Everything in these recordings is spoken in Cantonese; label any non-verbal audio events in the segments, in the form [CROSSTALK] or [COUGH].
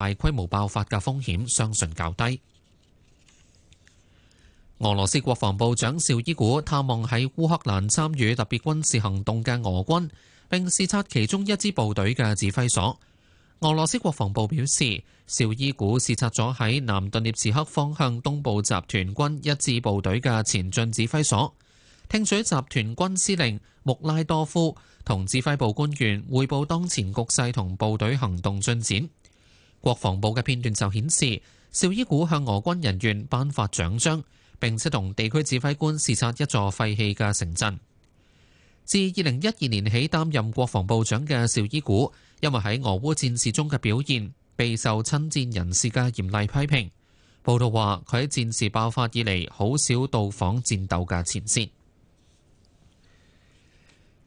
大規模爆發嘅風險，相信較低。俄羅斯國防部長紹伊古探望喺烏克蘭參與特別軍事行動嘅俄軍，並視察其中一支部隊嘅指揮所。俄羅斯國防部表示，紹伊古視察咗喺南頓涅茨克方向東部集團軍一支部隊嘅前進指揮所，聽取集團軍司令穆拉多夫同指揮部官員匯報當前局勢同部隊行動進展。國防部嘅片段就顯示，紹伊古向俄軍人員頒發獎章，並且同地區指揮官視察一座廢棄嘅城鎮。自二零一二年起擔任國防部長嘅紹伊古，因為喺俄烏戰事中嘅表現，備受親戰人士嘅嚴厲批評。報道話佢喺戰事爆發以嚟，好少到訪戰鬥嘅前線。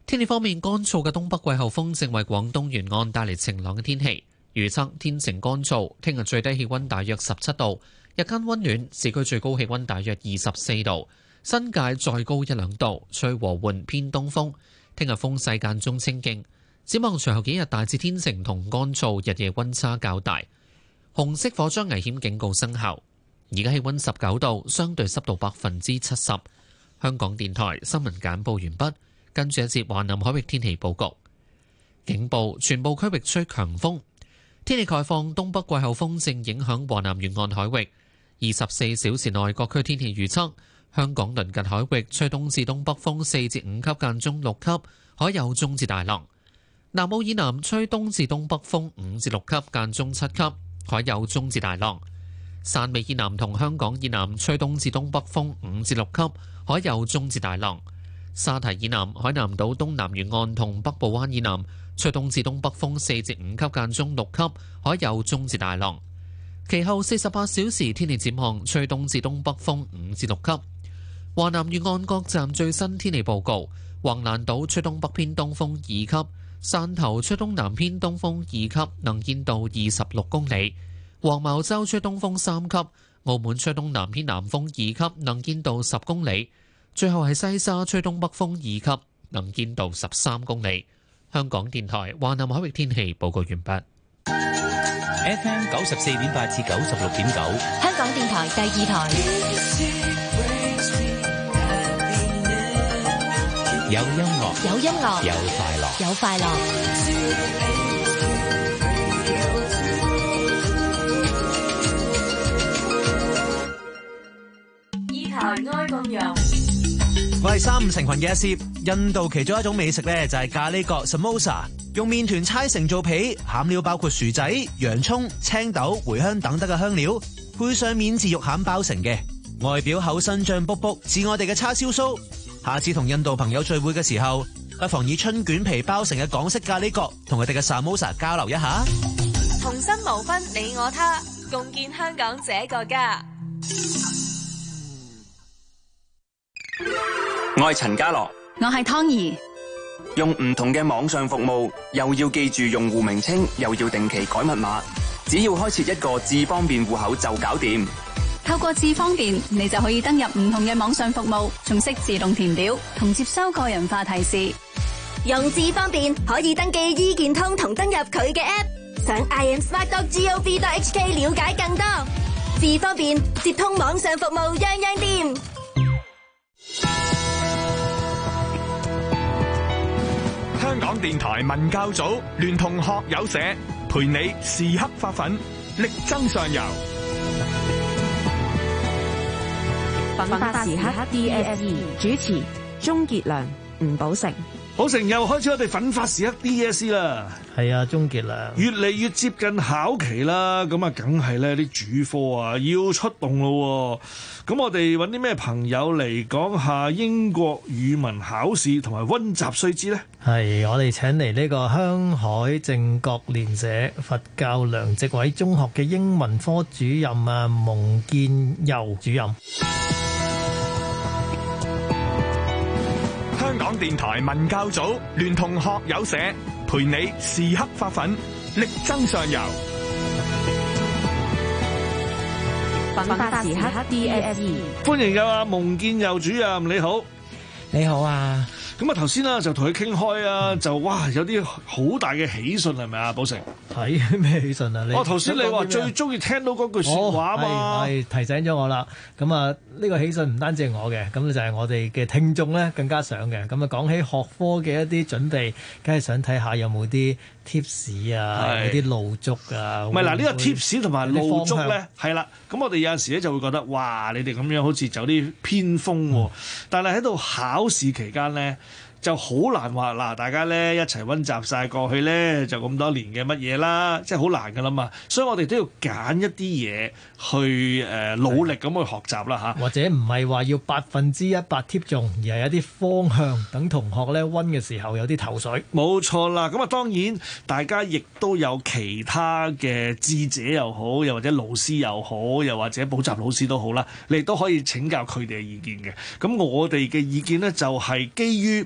天氣方面，乾燥嘅東北季候風正為廣東沿岸帶嚟晴朗嘅天氣。預測天晴乾燥，聽日最低氣溫大約十七度，日間溫暖，市區最高氣溫大約二十四度，新界再高一兩度，吹和緩偏東風，聽日風勢間中清勁，展望隨後幾日大致天晴同乾燥，日夜溫差較大。紅色火災危險警告生效，而家氣溫十九度，相對濕度百分之七十。香港電台新聞簡報完畢，跟住一節華南海域天氣報告。警報全部區域吹強風。天氣概況，東北季候風正影響華南沿岸海域。二十四小時內各區天氣預測：香港鄰近海域吹東至東北風四至五級間中六級，海有中至大浪；南澳以南吹東至東北風五至六級間中七級，海有中至大浪；汕尾以南同香港以南吹東至東北風五至六級，海有中至大浪；沙堤以南海南島東南沿岸同北部灣以南。吹東至東北風四至五級間中六級，海有中至大浪。其後四十八小時天氣展望，吹東至東北風五至六級。華南沿岸各站最新天氣報告：橫欄島吹東北偏東風二級，汕頭吹東南偏東風二級，能見度二十六公里；黃茅洲吹東風三級，澳門吹東南偏南風二級，能見度十公里。最後係西沙吹東北風二級，能見度十三公里。香港電台華南海域天氣報告完畢。FM 九十四點八至九十六點九，香港電台第二台。有音樂，有音樂，有快樂，有快樂。一抬愛動容。我係三五成群嘅一攝，印度其中一種美食咧，就係咖喱角 （samosa），用麵團搓成做皮，餡料包括薯仔、洋蔥、青豆、茴香等等嘅香料，配上免治肉餡包成嘅，外表厚身醬卜卜，似我哋嘅叉燒酥。下次同印度朋友聚會嘅時候，不妨以春卷皮包成嘅港式咖喱角同佢哋嘅 samosa 交流一下。同心無分你我他，共建香港這個家。我係陳家樂，我係湯兒。用唔同嘅網上服務，又要記住用戶名稱，又要定期改密碼。只要開設一個智方便戶口就搞掂。透過智方便，你就可以登入唔同嘅網上服務，仲識自動填表同接收個人化提示。用智方便可以登記醫健通同登入佢嘅 app，上 iamsmart.gov.hk 了解更多。智方便接通網上服務，樣樣掂。港電台文教組聯同學友社陪你時刻發奮，力爭上游。問答時刻 DSE 主持：鍾杰良、吳寶成。好成，又開始我哋奮發時刻 DSE 事啦，係啊，終結啦，越嚟越接近考期啦，咁啊，梗係咧啲主科啊，要出動咯。咁我哋揾啲咩朋友嚟講下英國語文考試同埋溫習須知呢？係我哋請嚟呢個香海正覺蓮社佛教梁植偉中學嘅英文科主任啊，蒙建佑主任。電台文教組聯同學友社陪你時刻發奮，力爭上游。粉發時刻 DSE，歡迎有啊蒙建佑主任，你好。你好啊，咁啊，頭先啦就同佢傾開啊，就哇有啲好大嘅喜訊係咪啊，寶成？係咩 [LAUGHS] 喜訊啊？你，你？哦，頭先你話最中意聽到嗰句說話嘛，係提醒咗我啦。咁啊呢個喜訊唔單止係我嘅，咁就係我哋嘅聽眾咧更加想嘅。咁啊講起學科嘅一啲準備，梗係想睇下有冇啲。貼士啊，嗰啲的露足啊，唔係嗱，呢會個貼士同埋露足咧，係啦，咁我哋有陣時咧就會覺得，哇！你哋咁樣好似走啲偏鋒喎、啊，哦、但係喺度考試期間咧。就好難話嗱，大家咧一齊温習晒過去咧，就咁多年嘅乜嘢啦，即係好難㗎啦嘛。所以我哋都要揀一啲嘢去誒、呃、努力咁去學習啦嚇。或者唔係話要百分之一百貼中，而係有啲方向，等同學咧温嘅時候有啲頭緒。冇錯啦，咁啊當然，大家亦都有其他嘅智者又好，又或者老師又好，又或者補習老師都好啦，你都可以請教佢哋嘅意見嘅。咁我哋嘅意見呢，就係基於。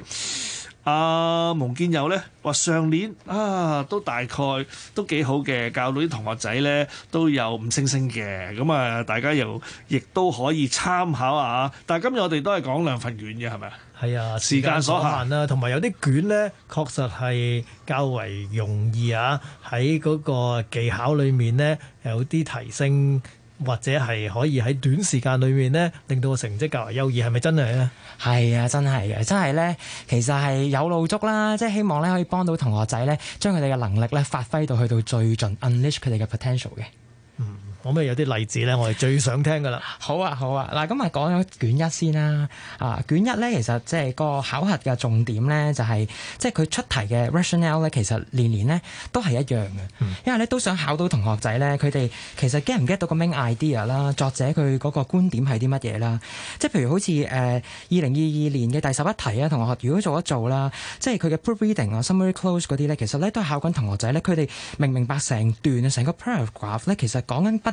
阿、啊、蒙建佑呢話上年啊，都大概都幾好嘅，教到啲同學仔呢都有五星星嘅，咁啊大家又亦都可以參考下。但係今日我哋都係講兩份卷嘅，係咪啊？係啊，時間所限啊。同埋有啲卷呢，確實係較為容易啊。喺嗰個技巧裏面呢，有啲提升，或者係可以喺短時間裏面呢，令到個成績較為優異，係咪真係咧？係啊，真係嘅，真係咧，其實係有路足啦，即係希望咧可以幫到同學仔咧，將佢哋嘅能力咧發揮到去到最盡，Unleash 佢哋嘅 potential 嘅。講咩有啲例子咧，我哋最想聽嘅啦。好啊，好啊。嗱，咁啊講咗卷一先啦。啊，卷一咧，其實即係個考核嘅重點咧，就是，就係即係佢出題嘅 rationale 咧，其實年年咧都係一樣嘅。嗯、因為咧都想考到同學仔咧，佢哋其實 get 唔 get 到個 main idea 啦，作者佢個觀點係啲乜嘢啦。即係譬如好似誒二零二二年嘅第十一題啊，同學，如果做一做啦，即係佢嘅 proof reading 啊、summary close 嗰啲咧，其實咧都係考緊同學仔咧，佢哋明唔明白成段啊、成個 paragraph 咧，其實講緊不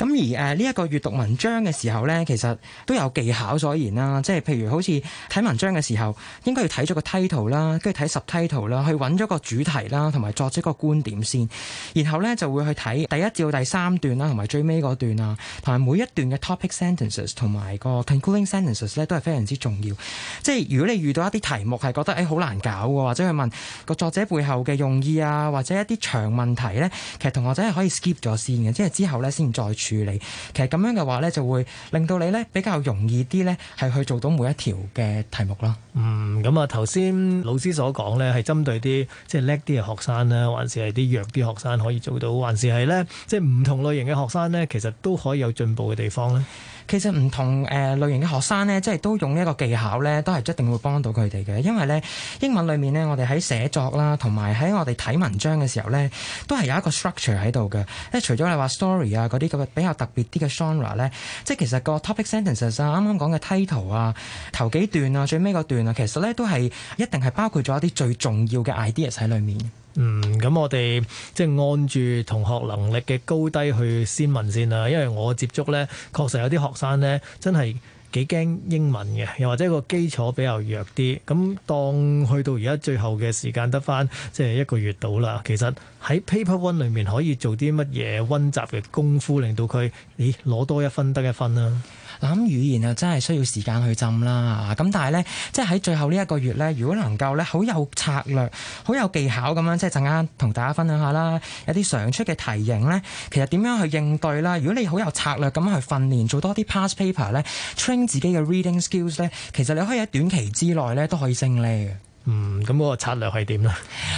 咁而誒呢一個閱讀文章嘅時候咧，其實都有技巧所言啦。即係譬如好似睇文章嘅時候，應該要睇咗個 title 啦，跟住睇十 title 啦，去揾咗個主題啦，同埋作者個觀點先。然後咧就會去睇第一至到第三段啦，同埋最尾段啊，同埋每一段嘅 topic sentences 同埋個 concluding sentences 咧，都係非常之重要。即係如果你遇到一啲題目係覺得誒好難搞，或者去問個作者背後嘅用意啊，或者一啲長問題咧，其實同學仔係可以 skip 咗先嘅，即係之後咧先再。處理其實咁樣嘅話呢，就會令到你呢比較容易啲呢係去做到每一條嘅題目囉。嗯，咁啊頭先老師所講呢係針對啲即係叻啲嘅學生呢，還是係啲弱啲學生可以做到，還是係呢？即係唔同類型嘅學生呢，其實都可以有進步嘅地方呢？其實唔同誒類型嘅學生呢，即係都用一個技巧呢，都係一定會幫到佢哋嘅。因為呢英文裏面呢，我哋喺寫作啦，同埋喺我哋睇文章嘅時候呢，都係有一個 structure 喺度嘅。即除咗你話 story 啊嗰啲咁比較特別啲嘅 genre 呢，即係其實個 topic sentences 啊，啱啱講嘅 title 啊、頭幾段啊、最尾嗰段啊，其實呢都係一定係包括咗一啲最重要嘅 ideas 喺裡面。嗯，咁我哋即係按住同學能力嘅高低去先問先啦，因為我接觸呢，確實有啲學生呢真係幾驚英文嘅，又或者個基礎比較弱啲。咁當去到而家最後嘅時間得返即係一個月到啦，其實喺 Paper One 裏面可以做啲乜嘢溫習嘅功夫，令到佢咦攞多一分得一分啦，啊。諗語言啊，真係需要時間去浸啦。咁但係呢，即係喺最後呢一個月呢，如果能夠呢，好有策略、好有技巧咁樣，即係陣間同大家分享下啦，有啲常出嘅題型呢，其實點樣去應對啦？如果你好有策略咁樣去訓練，做多啲 past paper 呢，train 自己嘅 reading skills 呢，其實你可以喺短期之內呢都可以升呢嘅。嗯，咁、那、嗰個策略係點啦？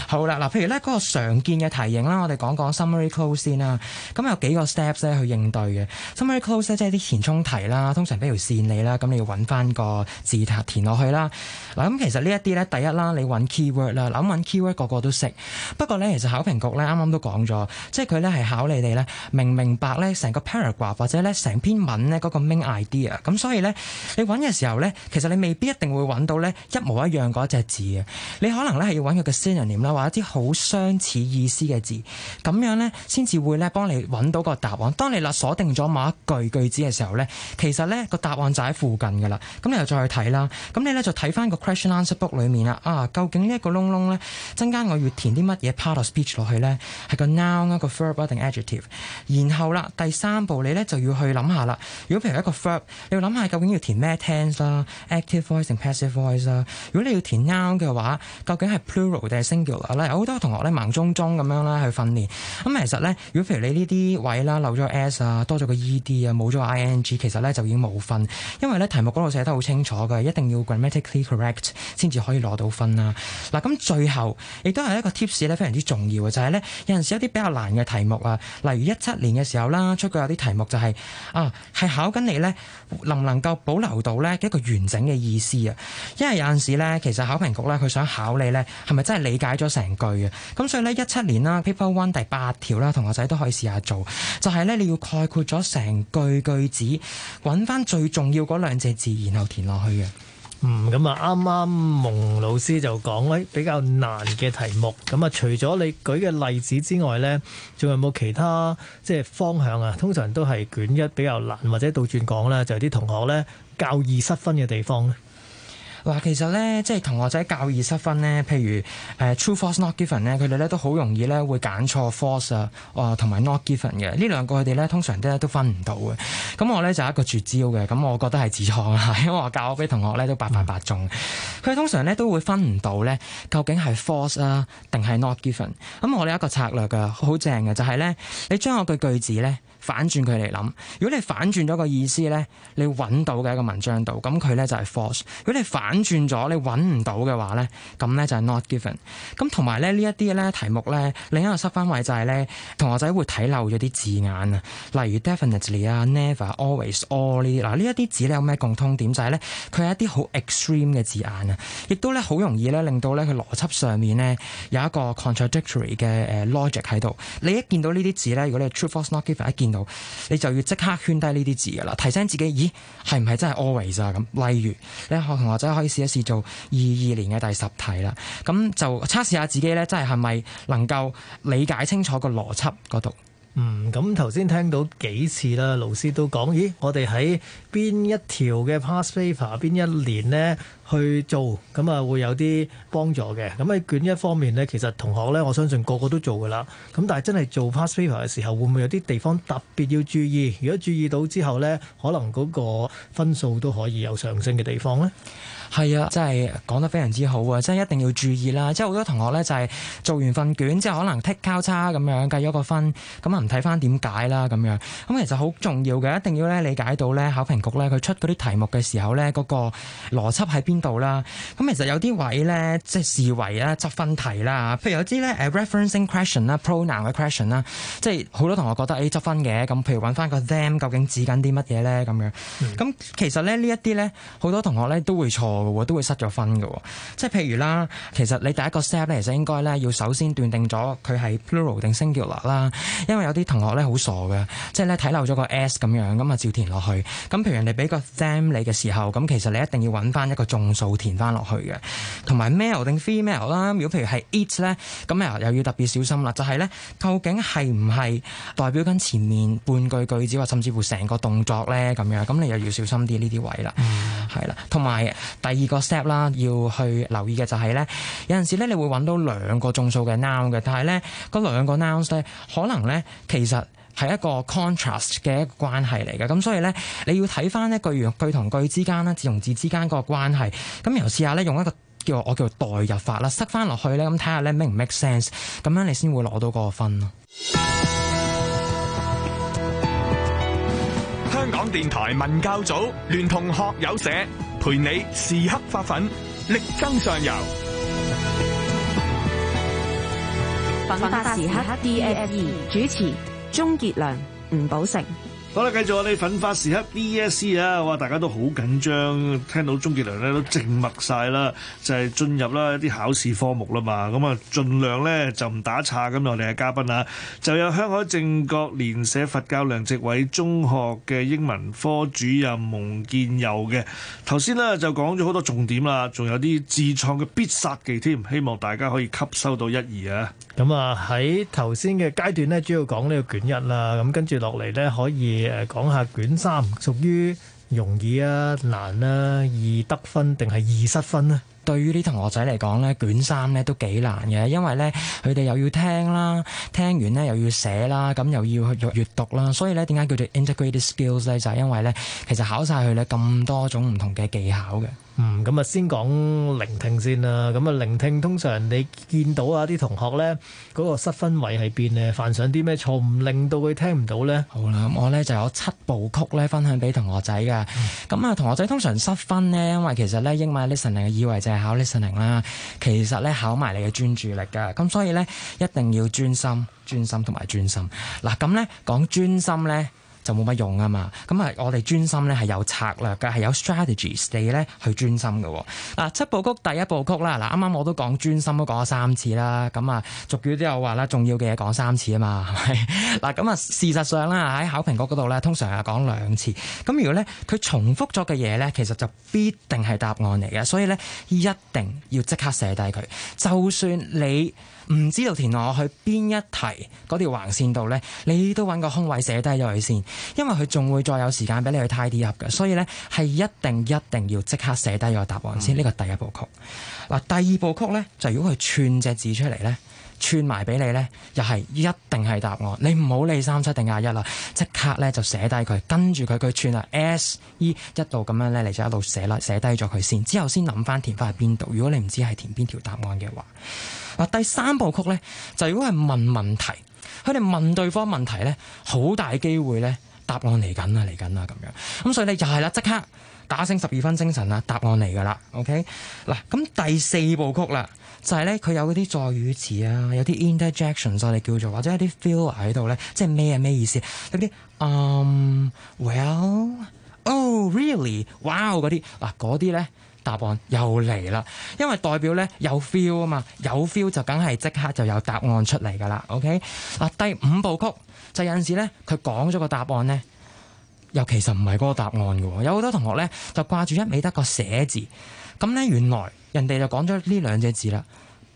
好啦，嗱，譬如咧嗰個常見嘅題型啦，我哋講講 summary close 先啦。咁、嗯、有幾個 steps 咧去應對嘅 summary close 咧，即係啲填充題啦，通常俾條線你啦，咁你要揾翻個字塔填落去啦。嗱、嗯，咁其實呢一啲咧，第一啦，你揾 keyword 啦，諗揾 keyword 個個都識。不過咧，其實考評局咧啱啱都講咗，即係佢咧係考你哋咧明唔明白咧成個 paragraph 或者咧成篇文咧嗰個 main idea。咁所以咧，你揾嘅時候咧，其實你未必一定會揾到咧一模一樣嗰隻字。你可能咧係要揾佢嘅 synonym 啦，或者一啲好相似意思嘅字，咁樣咧先至會咧幫你揾到個答案。當你啦鎖定咗某一句句子嘅時候咧，其實咧個答案就喺附近噶啦。咁你又再去睇啦，咁你咧就睇翻個 question answer book 裏面啦。啊，究竟洞洞呢一個窿窿咧，增加我要填啲乜嘢 part of speech 落去咧？係個 noun、個 verb 定 adjective？然後啦，第三步你咧就要去諗下啦。如果譬如一個 verb，你要諗下究竟要填咩 tense 啦，active voice 定 passive voice 啊？如果你要填 noun 嘅話，究竟係 plural 定係 singular 咧？有好多同學咧盲中中咁樣啦去訓練，咁、嗯、其實咧，如果譬如你呢啲位啦，漏咗 s 啊，多咗個 e d 啊，冇咗個 i n g，其實咧就已經冇分，因為咧題目嗰度寫得好清楚嘅，一定要 grammatically correct 先至可以攞到分啦。嗱、啊，咁最後亦都係一個 tips 咧，非常之重要嘅就係、是、咧，有陣時一啲比較難嘅題目啊，例如一七年嘅時候啦，出過有啲題目就係、是、啊，係考緊你咧，能唔能夠保留到咧一個完整嘅意思啊？因為有陣時咧，其實考評局咧。佢想考你呢，係咪真係理解咗成句嘅？咁所以呢，一七年啦，Paper One 第八條啦，同學仔都可以試下做，就係呢，你要概括咗成句句子，揾翻最重要嗰兩隻字，然後填落去嘅。嗯，咁啊，啱啱蒙老師就講呢比較難嘅題目。咁啊，除咗你舉嘅例子之外呢，仲有冇其他即係方向啊？通常都係卷一比較難，或者倒轉講啦，就係啲同學呢，較易失分嘅地方咧。嗱，其實咧，即係同學仔較易失分咧，譬如誒 true false not given 咧，佢哋咧都好容易咧會揀錯 false 啊、呃，同埋 not given 嘅呢兩個佢哋咧通常咧都分唔到嘅。咁我咧就係一個絕招嘅，咁我覺得係自創啦，因為我教我啲同學咧都百分百中。佢通常咧都會分唔到咧，究竟係 false 啊定係 not given 咁？我哋一個策略嘅，好正嘅就係咧，你將我句句子咧，反轉佢嚟諗，如果你反轉咗個意思咧，你揾到嘅一個文章度，咁佢咧就係 false。如果你反轉咗，你揾唔到嘅話咧，咁咧就係 not given。咁同埋咧呢一啲咧題目咧，另一個失分位就係咧同學仔會睇漏咗啲字眼啊，例如 definitely 啊、never、always、all 呢啲嗱，呢一啲字咧有咩共通點就係咧，佢係一啲好 extreme 嘅字眼啊，亦都咧好容易咧令到咧佢邏輯上面咧有一個 contradictory 嘅誒 logic 喺度。你一見到呢啲字咧，如果你係 true、false、not given 一見。你就要即刻圈低呢啲字噶啦，提醒自己。咦，係唔係真係 always 啊？咁，例如你咧，同學仔可以試一試做二二年嘅第十題啦。咁就測試下自己咧，真係係咪能夠理解清楚個邏輯嗰度？嗯，咁頭先聽到幾次啦，老師都講，咦，我哋喺邊一條嘅 past paper，邊一年呢去做，咁啊會有啲幫助嘅。咁喺卷一方面呢，其實同學呢，我相信個個都做噶啦。咁但係真係做 past paper 嘅時候，會唔會有啲地方特別要注意？如果注意到之後呢，可能嗰個分數都可以有上升嘅地方呢？係啊，真係講得非常之好啊！真係一定要注意啦。即係好多同學咧，就係、是、做完份卷之後，可能剔交叉咁樣計咗個分，咁啊唔睇翻點解啦咁樣。咁其實好重要嘅，一定要咧理解到咧考評局咧佢出嗰啲題目嘅時候咧嗰、那個邏輯喺邊度啦。咁其實有啲位咧即係視為咧執分題啦，譬如有啲咧 referencing question 啦、pronoun 嘅 question 啦，即係好多同學覺得誒執、欸、分嘅。咁譬如揾翻個 them 究竟指緊啲乜嘢咧咁樣。咁、嗯、其實咧呢一啲咧好多同學咧都會錯。都會失咗分嘅，哦，即係譬如啦，其實你第一個 step 咧，其實應該咧要首先斷定咗佢係 plural 定 singular 啦，因為有啲同學咧好傻嘅，即係咧睇漏咗個 s 咁樣，咁啊照填落去。咁譬如人哋俾個 them 你嘅時候，咁其實你一定要揾翻一個眾數填翻落去嘅，同埋 male 定 female 啦。如果譬如係 it 咧，咁又要特別小心啦。就係、是、咧，究竟係唔係代表緊前面半句句子，或者甚至乎成個動作咧咁樣？咁你又要小心啲呢啲位啦，係啦、嗯，同埋第第二個 step 啦，要去留意嘅就係咧，有陣時咧你會揾到兩個眾數嘅 noun 嘅，但係咧嗰兩個 noun 咧，可能咧其實係一個 contrast 嘅一個關係嚟嘅。咁所以咧，你要睇翻一句句同句之間啦，字同字之間嗰個關係。咁又試下咧，用一個叫我叫做代入法啦，塞翻落去咧，咁睇下咧 make 唔 make sense，咁樣你先會攞到嗰個分咯。香港電台文教組聯同學友社。陪你時刻發奮，力爭上游。奮發時刻 DAF 主持：鍾傑良、吳寶成。好啦，繼續我哋奮發時刻 DSE 啊！哇，大家都好緊張，聽到鍾傑良咧都靜默曬啦，就係進入啦一啲考試科目啦嘛。咁啊，儘量咧就唔打岔咁。我哋嘅嘉賓啊，就有香海正覺蓮社佛教梁植偉中學嘅英文科主任蒙建佑嘅。頭先咧就講咗好多重點啦，仲有啲自創嘅必殺技添，希望大家可以吸收到一二啊。咁啊，喺頭先嘅階段咧，主要講呢個卷一啦。咁跟住落嚟咧，可以。誒，講下卷三，屬於容易啊難啊，易得分定係易失分咧？對於啲同學仔嚟講咧，卷三咧都幾難嘅，因為咧佢哋又要聽啦，聽完咧又要寫啦，咁又要去讀閱讀啦，所以咧點解叫做 integrated skills 咧？就係、是、因為咧其實考晒佢咧咁多種唔同嘅技巧嘅。嗯，咁啊先講聆聽先啦。咁啊聆聽通常你見到啊啲同學咧嗰、那個失分位喺邊咧，犯上啲咩錯誤，令到佢聽唔到咧？好啦，咁我咧就有七部曲咧分享俾同學仔嘅。咁啊、嗯、同學仔通常失分咧，因為其實咧英文 listening 以為就～考 listening 啦，其實咧考埋你嘅專注力㗎，咁所以咧一定要專心、專心同埋專心。嗱，咁咧講專心咧。就冇乜用啊嘛，咁啊，我哋專心咧係有策略嘅，係有 strategies 地咧去專心嘅。嗱，七部曲第一部曲啦，嗱，啱啱我都講專心都講咗三次啦，咁啊，俗語都有話啦，重要嘅嘢講三次啊嘛，係咪？嗱，咁啊，事實上啦，喺考評局嗰度咧，通常係講兩次。咁如果咧佢重複咗嘅嘢咧，其實就必定係答案嚟嘅，所以咧一定要即刻寫低佢，就算你唔知道填落去邊一題嗰條橫線度呢，你都揾個空位寫低咗佢先，因為佢仲會再有時間俾你去 tidy up 嘅，所以呢，係一定一定要即刻寫低個答案先。呢個、嗯、第一部曲嗱，第二部曲呢，就係、如果佢串隻字出嚟呢，串埋俾你呢，又係一定係答案。你唔好理三七定廿一啦，即刻呢就寫低佢，跟住佢佢串啊，S E 一度咁樣呢，你就一路寫啦，寫低咗佢先，之後先諗翻填翻去邊度。如果你唔知係填邊條答案嘅話。嗱，第三部曲咧，就如果係問問題，佢哋問對方問題咧，好大機會咧，答案嚟緊啦，嚟緊啦咁樣。咁、嗯、所以咧就係啦，即刻打醒十二分精神啦，答案嚟噶啦，OK 嗱。咁第四部曲啦，就係咧佢有嗰啲助語詞啊，有啲 interjections 我哋叫做，或者一啲 feel 喺度咧，即係咩啊咩意思嗰啲，嗯，well，oh really，wow 嗰啲，嗱嗰啲咧。Um, well, oh, really, wow, 答案又嚟啦，因為代表咧有 feel 啊嘛，有 feel 就梗係即刻就有答案出嚟噶啦，OK？啊第五部曲就有陣時咧，佢講咗個答案咧，又其實唔係嗰個答案噶、哦，有好多同學咧就掛住一味得個寫字，咁咧原來人哋就講咗呢兩隻字啦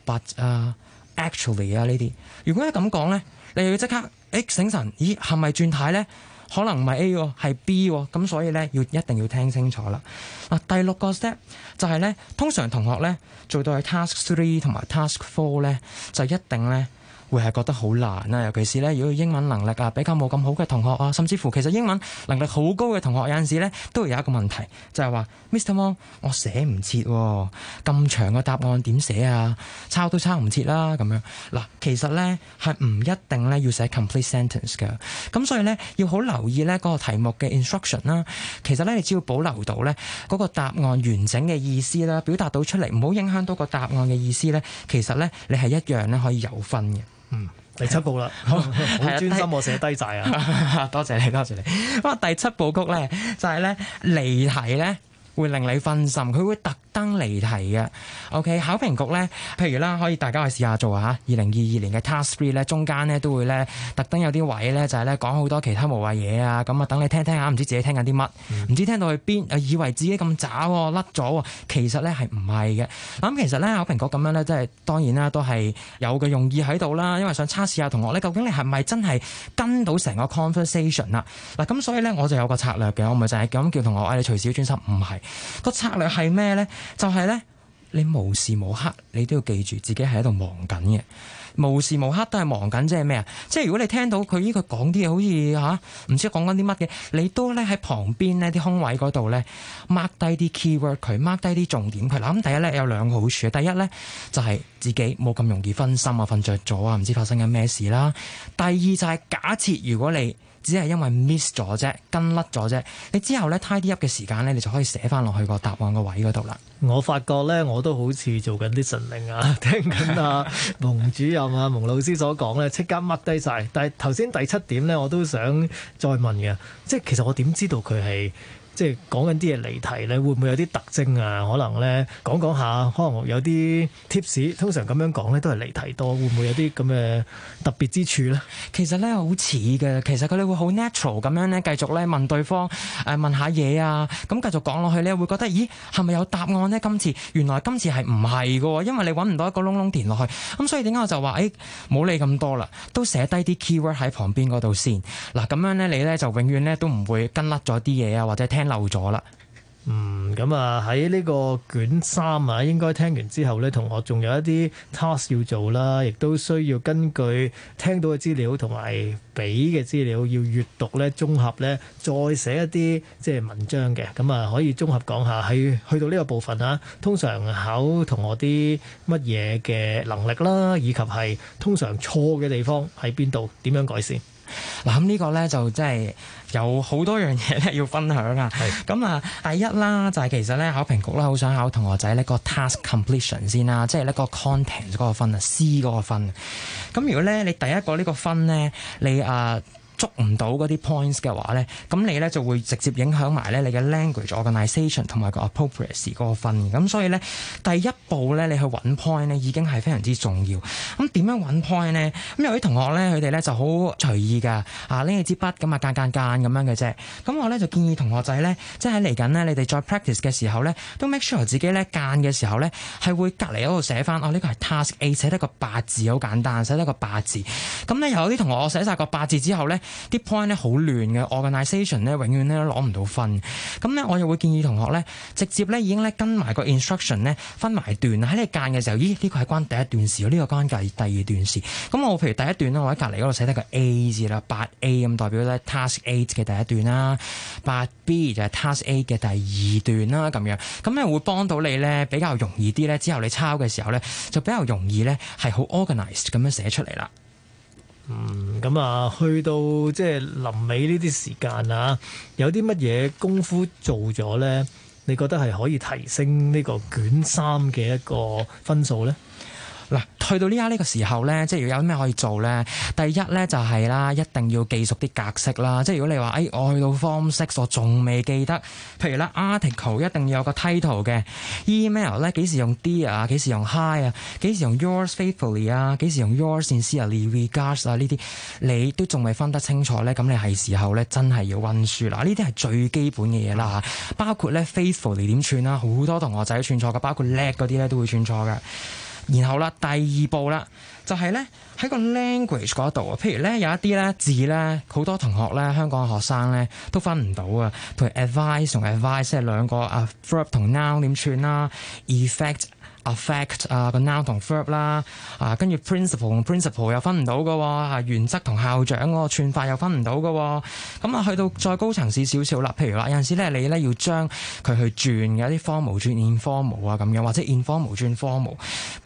，but 啊、uh, actually 啊呢啲，如果係咁講咧，你又要即刻誒、欸、醒神，咦係咪轉態咧？是可能唔係 A 喎，哦，係 B 喎，哦，咁所以咧要一定要聽清楚啦。啊，第六個 step 就係咧，通常同學咧做到去 task three 同埋 task four 咧，就一定咧。會係覺得好難啊！尤其是咧，如果英文能力啊比較冇咁好嘅同學啊，甚至乎其實英文能力好高嘅同學有，有陣時咧都會有一個問題，就係話，Mr. Mung，我寫唔切喎，咁長嘅答案點寫啊？抄都抄唔切啦，咁樣嗱，其實咧係唔一定咧要寫 complete sentence 嘅，咁所以咧要好留意咧嗰個題目嘅 instruction 啦。其實咧你只要保留到咧嗰個答案完整嘅意思啦，表達到出嚟，唔好影響到個答案嘅意思咧，其實咧你係一樣咧可以有分嘅。嗯，第七部啦， [LAUGHS] [LAUGHS] 好專心第我寫低仔啊， [LAUGHS] 多謝你，多謝你。咁啊，第七部曲咧就係咧離題咧會令你分心，佢會特登離題嘅，OK 考評局咧，譬如啦，可以大家去試下做下。二零二二年嘅 Task Three 咧，中間咧都會咧特登有啲位咧，就係咧講好多其他無謂嘢啊。咁啊，等你聽聽下，唔知自己聽緊啲乜，唔、嗯、知聽到去邊，以為自己咁渣甩咗，其實咧係唔係嘅。咁其實咧，考評局咁樣咧，即係當然啦，都係有嘅用意喺度啦。因為想測試下同學咧，究竟你係咪真係跟到成個 conversation 啦？嗱咁，所以咧我就有個策略嘅，我咪就係咁叫同學，嗌你隨時專心。唔係、個策略係咩咧？就係咧，你無時無刻你都要記住自己係喺度忙緊嘅，無時無刻都係忙緊，即係咩啊？即係如果你聽到佢呢個講啲嘢，好似吓唔知講緊啲乜嘢，你都咧喺旁邊呢啲空位嗰度咧 mark 低啲 keyword 佢，mark 低啲重點佢啦。咁第一咧有兩個好處，第一咧就係、是、自己冇咁容易分心啊，瞓着咗啊，唔知發生緊咩事啦。第二就係假設如果你，只係因為 miss 咗啫，跟甩咗啫。你之後咧，tidy up 嘅時間咧，你就可以寫翻落去個答案個位嗰度啦。我發覺咧，我都好似做緊 listening 啊，聽緊啊蒙主任啊 [LAUGHS] 蒙老師所講咧，即刻 mark 低晒。但係頭先第七點咧，我都想再問嘅，即係其實我點知道佢係？即係講緊啲嘢離題咧，會唔會有啲特徵啊？可能咧講講下，可能有啲 tips，通常咁樣講咧都係離題多，會唔會有啲咁嘅特別之處咧？其實咧好似嘅，其實佢哋會好 natural 咁樣咧，繼續咧問對方誒、呃、問下嘢啊，咁繼續講落去咧，會覺得咦係咪有答案咧？今次原來今次係唔係嘅？因為你揾唔到一個窿窿，填落去，咁所以點解我就話誒，冇理咁多啦，都寫低啲 keyword 喺旁邊度先嗱，咁樣咧你咧就永遠咧都唔會跟甩咗啲嘢啊，或者聽。漏咗啦。嗯，咁啊喺呢個卷三啊，應該聽完之後呢，同學仲有一啲 task 要做啦，亦都需要根據聽到嘅資料同埋俾嘅資料，要閱讀呢，綜合呢，再寫一啲即係文章嘅。咁啊，可以綜合講下，喺去到呢個部分啊，通常考同學啲乜嘢嘅能力啦，以及係通常錯嘅地方喺邊度，點樣改善？嗱咁呢個咧就即係有好多樣嘢咧要分享啊！咁啊是，第一啦，就係、是、其實咧考評局咧好想考同學仔呢個 Task Completion 先啦，即係呢個 Content 嗰個分啊，C 嗰個分。咁如果咧你第一個呢個分咧，你啊。呃捉唔到嗰啲 points 嘅話咧，咁你咧就會直接影響埋咧你嘅 language organization 同埋個 appropriate 嗰個分。咁所以咧第一步咧，你去揾 point 咧已經係非常之重要。咁點樣揾 point 咧？咁有啲同學咧，佢哋咧就好隨意噶，啊拎起支筆咁啊間間間咁樣嘅啫。咁我咧就建議同學仔咧，即係喺嚟緊咧，你哋再 practice 嘅時候咧，都 make sure 自己咧間嘅時候咧係會隔離嗰度寫翻哦，呢個係 task A，寫得個八字好簡單，寫得個八字。咁咧有啲同學寫晒個八字之後咧。啲 point 咧好亂嘅，organization 咧永遠咧攞唔到分。咁咧我又會建議同學咧直接咧已經咧跟埋個 instruction 咧分埋段啦。喺你間嘅時候，咦呢、這個係關第一段事，呢、這個關計第二段事。咁我譬如第一段啦，我喺隔離嗰度寫得個 A 字啦，八 A 咁代表咧 task Eight 嘅第一段啦，八 B 就係 task A 嘅第二段啦咁樣。咁咧會幫到你咧比較容易啲咧。之後你抄嘅時候咧就比較容易咧係好 organised 咁樣寫出嚟啦。嗯，咁啊，去到即係臨尾呢啲時間啊，有啲乜嘢功夫做咗咧？你覺得係可以提升呢個卷三嘅一個分數咧？嗱，去到呢家呢個時候咧，即係要有咩可以做咧？第一咧就係啦，一定要記熟啲格式啦。即係如果你話，哎，我去到 Form 6我仲未記得。譬如咧，article 一定要有個 title 嘅 email 咧，幾時用 Dear 啊，幾時用 Hi 啊，幾時用 Yours faithfully 啊，幾時用 Yours sincerely regards 啊，呢啲你都仲未分得清楚咧，咁你係時候咧，真係要溫書啦。呢啲係最基本嘅嘢啦，包括咧 faithfully 點串啦，好多同學仔串錯嘅，包括叻嗰啲咧都會串錯嘅。然後啦，第二步啦，就係、是、咧喺個 language 嗰度啊。譬如咧有一啲咧字咧，好多同學咧，香港學生咧都分唔到啊。同埋 advice 同 advice 即係兩個啊 verb 同 noun 點串啦，effect。affect 啊個 noun 同 verb 啦、uh, 啊，跟住 principle 同 principal 又分唔到嘅喎，係原則同校長個串法又分唔到嘅喎。咁啊，去到再高層次少少啦。譬如啦，有陣時咧，你咧要將佢去轉嘅一啲 formal 轉 informal 啊，咁樣或者 informal 轉 formal。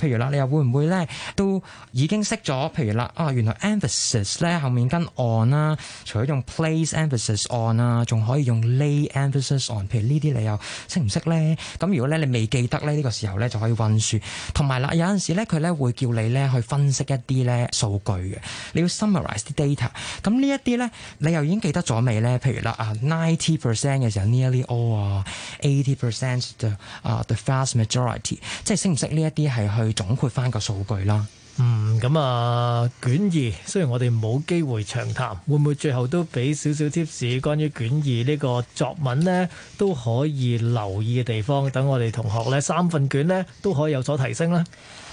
譬如啦，你又會唔會咧都已經識咗？譬如啦，啊原來 emphasis 咧後面跟 on 啊，除咗用 place emphasis on 啊，仲可以用 lay emphasis on。譬如呢啲你又識唔識咧？咁如果咧你未記得咧，呢個時候咧就可以話。書同埋啦，有陣時咧，佢咧會叫你咧去分析一啲咧數據嘅，你要 summarize 啲 data。咁呢一啲咧，你又已經記得咗未咧？譬如啦，啊，ninety percent 嘅時候，nearly all 啊，eighty percent the 啊，the vast majority，即係識唔識呢一啲係去總括翻個數據啦？嗯，咁啊卷二，雖然我哋冇機會長談，會唔會最後都俾少少 tips，關於卷二呢個作文呢？都可以留意嘅地方，等我哋同學呢，三份卷呢，都可以有所提升呢。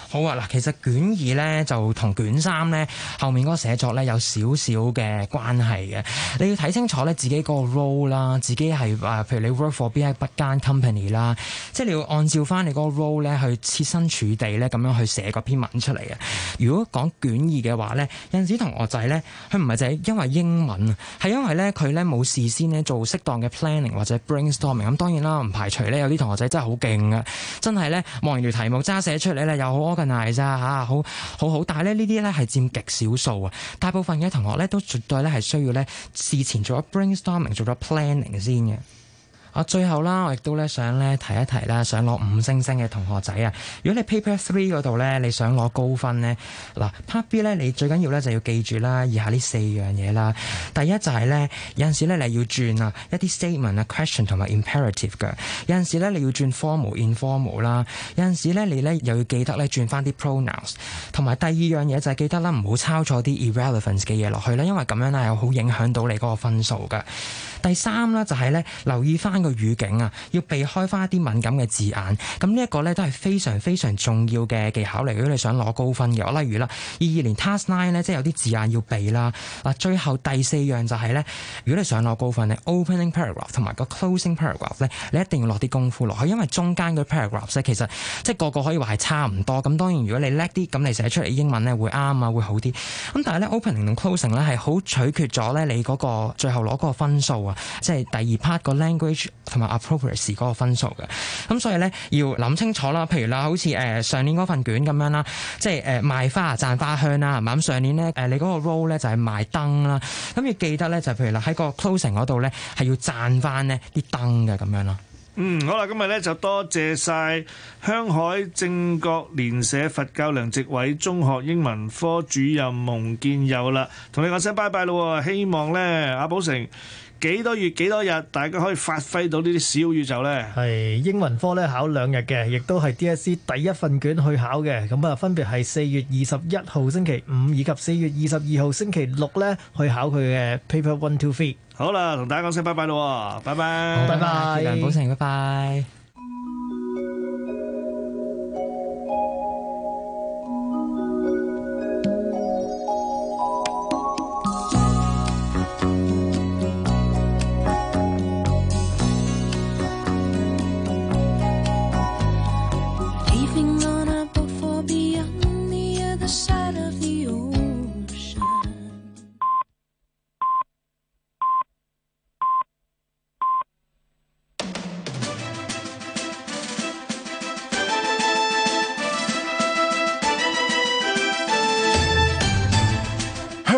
好啊，嗱，其實卷二咧就同卷三咧後面個寫作咧有少少嘅關係嘅。你要睇清楚咧自己個 role 啦，自己係話，譬如你 work for big company 啦，即係你要按照翻你個 role 咧去設身處地咧咁樣去寫嗰篇文出嚟啊。如果講卷二嘅話咧，有陣時同學仔咧佢唔係就係因為英文，係因為咧佢咧冇事先咧做適當嘅 planning 或者 brainstorming。咁當然啦，唔排除咧有啲同學仔真係好勁啊，真係咧望完條題目揸寫出嚟咧又好。個 n i 咋好好好，但係咧呢啲咧係佔極少數啊，大部分嘅同學咧都絕對咧係需要咧事前做咗 brainstorming，做咗 planning n 先嘅。我最後啦，我亦都咧想咧提一提啦，想攞五星星嘅同學仔啊！如果你 Paper Three 嗰度咧，你想攞高分咧，嗱 Part B 咧，你最緊要咧就要記住啦，以下呢四樣嘢啦。第一就係咧，有陣時咧你要轉啊一啲 statement 啊 question 同埋 imperative 嘅。有陣時咧你要轉 formal informal 啦。有陣時咧你咧又要記得咧轉翻啲 pronouns 同埋，第二樣嘢就係記得啦，唔好抄錯啲 irrelevant 嘅嘢落去啦，因為咁樣咧又好影響到你嗰個分數嘅。第三啦就係咧留意翻。個語境啊，要避開翻一啲敏感嘅字眼，咁呢一個咧都係非常非常重要嘅技巧嚟。如果你想攞高分嘅，我例如啦，二二年 task nine 咧，即係有啲字眼要避啦。嗱，最後第四樣就係咧，如果你想攞高分咧，opening paragraph 同埋個 closing paragraph 咧，你一定要落啲功夫落去，因為中間嘅 paragraph 咧，其實即係個個可以話係差唔多。咁當然如果你叻啲，咁你寫出嚟英文咧會啱啊，會好啲。咁但係咧，opening 同 closing 咧係好取決咗咧你嗰個最後攞嗰個分數啊，即係第二 part 個 language。同埋 appropriate 嗰個分數嘅，咁所以咧要諗清楚啦。譬如啦，好似誒、呃、上年嗰份卷咁樣啦，即係誒、呃、賣花，賺花啊，讚花香啦。咁上年咧誒、呃、你嗰個 role 咧就係賣燈啦。咁、啊、要記得咧就譬如啦喺個 closing 嗰度咧係要讚翻呢啲燈嘅咁樣咯。嗯，好啦，今日咧就多謝晒香海正覺蓮社佛教梁植偉中學英文科主任蒙建佑啦，同你講聲拜拜咯，希望咧阿、啊、寶成。幾多月幾多日，大家可以發揮到呢啲小宇宙呢？係英文科咧考兩日嘅，亦都係 DSE 第一份卷去考嘅。咁啊，分別係四月二十一號星期五以及四月二十二號星期六咧去考佢嘅 Paper One Two Three。好啦，同大家講聲拜拜啦，拜拜，拜拜好，寶 bye 成，拜拜。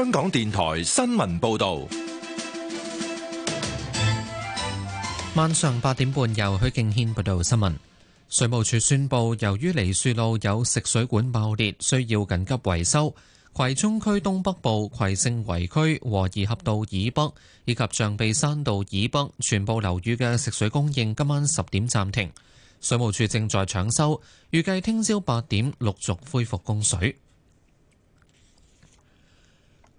香港電台新聞報道，晚上八點半由許敬軒報道新聞。水務處宣布，由於梨樹路有食水管爆裂，需要緊急維修。葵涌區東北部、葵盛圍區和宜合道以北以及象鼻山道以北，全部樓宇嘅食水供應今晚十點暫停。水務處正在搶修，預計聽朝八點陸續恢復供水。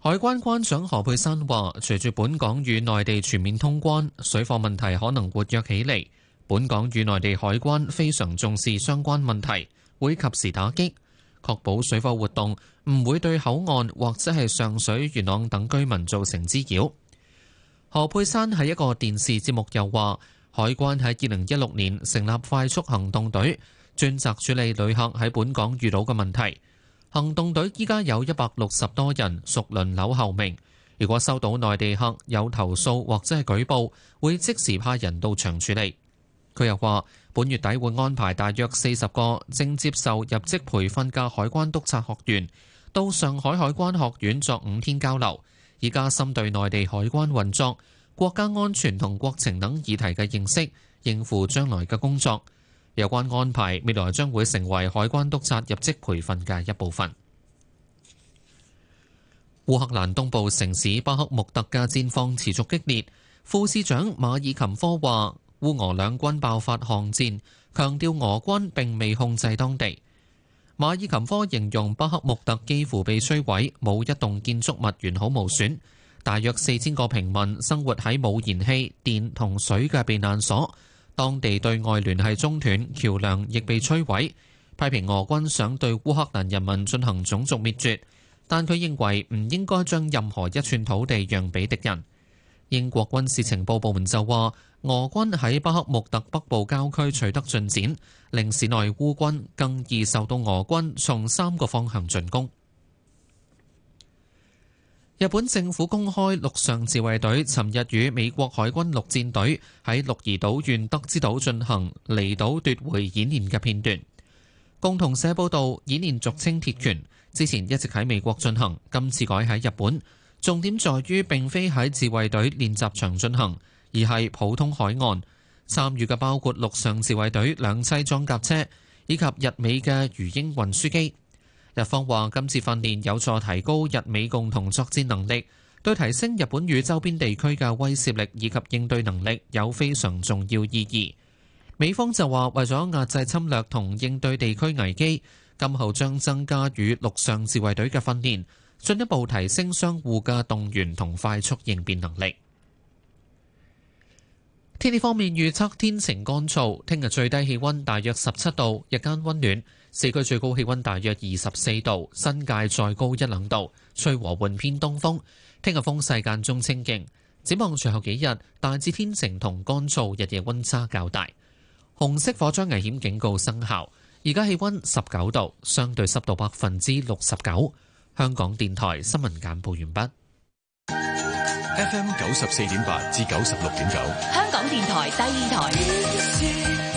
海關關長何佩珊話，隨住本港與內地全面通關，水貨問題可能活躍起嚟。本港與內地海關非常重視相關問題，會及時打擊，確保水貨活動唔會對口岸或者係上水、元朗等居民造成滋擾。何佩珊喺一個電視節目又話，海關喺二零一六年成立快速行動隊，專責處理旅客喺本港遇到嘅問題。行動隊依家有一百六十多人，屬輪流候命。如果收到內地客有投訴或者係舉報，會即時派人到場處理。佢又話：本月底會安排大約四十個正接受入職培訓嘅海關督察學員到上海海關學院作五天交流，以加深對內地海關運作、國家安全同國情等議題嘅認識，應付將來嘅工作。有關安排未來將會成為海關督察入職培訓嘅一部分。烏克蘭東部城市巴克穆特嘅戰況持續激烈。副市長馬爾琴科話：烏俄兩軍爆發巷戰，強調俄軍並未控制當地。馬爾琴科形容巴克穆特幾乎被摧毀，冇一棟建築物完好無損。大約四千個平民生活喺冇燃氣、電同水嘅避難所。當地對外聯繫中斷，橋梁亦被摧毀。批評俄軍想對烏克蘭人民進行種族滅絕，但佢認為唔應該將任何一寸土地讓俾敵人。英國軍事情報部門就話，俄軍喺巴克穆特北部郊區取得進展，令市內烏軍更易受到俄軍從三個方向進攻。日本政府公開陸上自衛隊尋日與美國海軍陸戰隊喺鹿兒島縣德之島進行離島奪回演練嘅片段。共同社報道，演練俗稱鐵拳，之前一直喺美國進行，今次改喺日本，重點在於並非喺自衛隊練習場進行，而係普通海岸，參與嘅包括陸上自衛隊兩棲裝甲車以及日美嘅魚鷹運輸機。日方話今次訓練有助提高日美共同作戰能力，對提升日本與周邊地區嘅威懾力以及應對能力有非常重要意義。美方就話為咗壓制侵略同應對地區危機，今後將增加與陸上自衛隊嘅訓練，進一步提升相互嘅動員同快速應變能力。天氣方面預測天晴乾燥，聽日最低氣溫大約十七度，日間溫暖。市區最高氣溫大約二十四度，新界再高一兩度，吹和緩偏東風。聽日風勢間中清勁。展望隨後幾日，大致天晴同乾燥，日夜溫差較大。紅色火災危險警告生效。而家氣溫十九度，相對濕度百分之六十九。香港電台新聞簡報完畢。FM 九十四點八至九十六點九，香港電台第二台。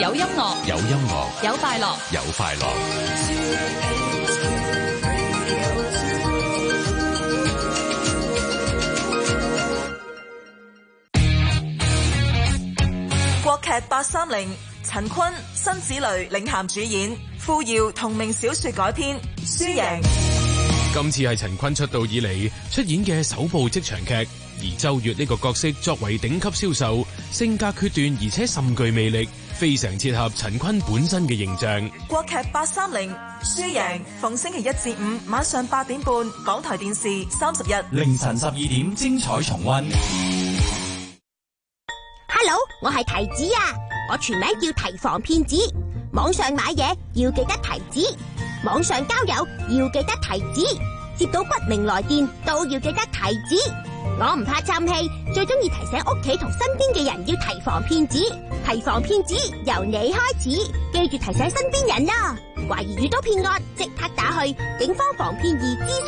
有音樂，有音樂，有快樂，有快樂。國劇八三零，陳坤、辛芷蕾領銜主演，傅瑤同名小說改編，輸贏。今次係陳坤出道以嚟出演嘅首部職場劇，而周越呢個角色作為頂級銷售，性格決斷，而且甚具魅力。非常切合陳坤本身嘅形象。國劇八三零輸贏逢星期一至五晚上八點半，港台電視三十一，凌晨十二點精彩重温。Hello，我係提子啊，我全名叫提防騙子。網上買嘢要記得提子，網上交友要記得提子，接到不明來電都要記得提子。我唔怕長氣，最中意提醒屋企同身邊嘅人要提防騙子，提防騙子由你開始，記住提醒身邊人啦！懷疑遇到騙案，即刻打去警方防騙二諮詢。